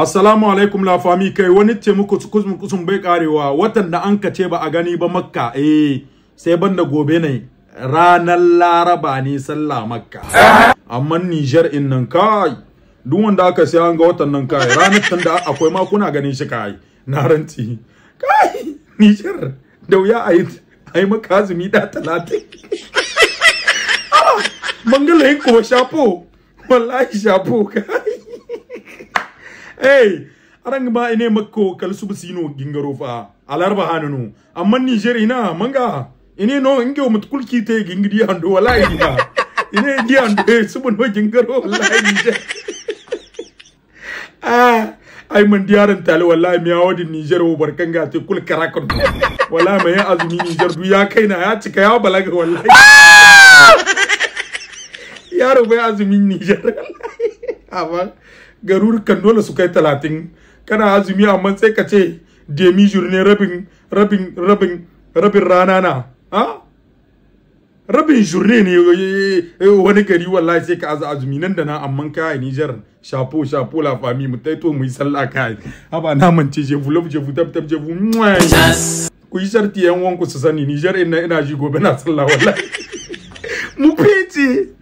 Assalamu alaikum la fami kai wani ce muku kusum kusum bai karewa watan da an ce ba a gani ba makka eh sai banda gobe ne ranar laraba ne sallah makka amma Niger in nan kai duk wanda aka sai an ga watan nan kai ranar tun da akwai ma kuna ganin shi kai na ranti kai Niger da wuya ayi ayi maka azumi da talatin ah, mangala yin kuma shafo wallahi shafo kai hey arang ba ine makko kal sino gingaro fa alarba hanano amma niger ina manga ine no inge o matkul kite gingdi ando wala ina ine di ando n'o gingaro wala ina. ah ay man diyaran tale wala mi yawo din Niger o barkanga ga te kul karakon ma mai azumi Niger du ya kaina ya cika ya balaga Ya yaro bai azumin Niger amma garurukan dole su kai talatin kana azumi amma sai ka ce demi ne rabin rabin rabin rabin rana na ha rabin journée ne eh, eh, wani gari wallahi sai ka azumi nan da na amma kai Niger shapo shapo la fami mu taito mu yi sallah kai haba na mance je vu je vu tab je vu ku yi sharti yan wanku su sani Niger ina ina ji gobe na sallah wallahi mu fiti.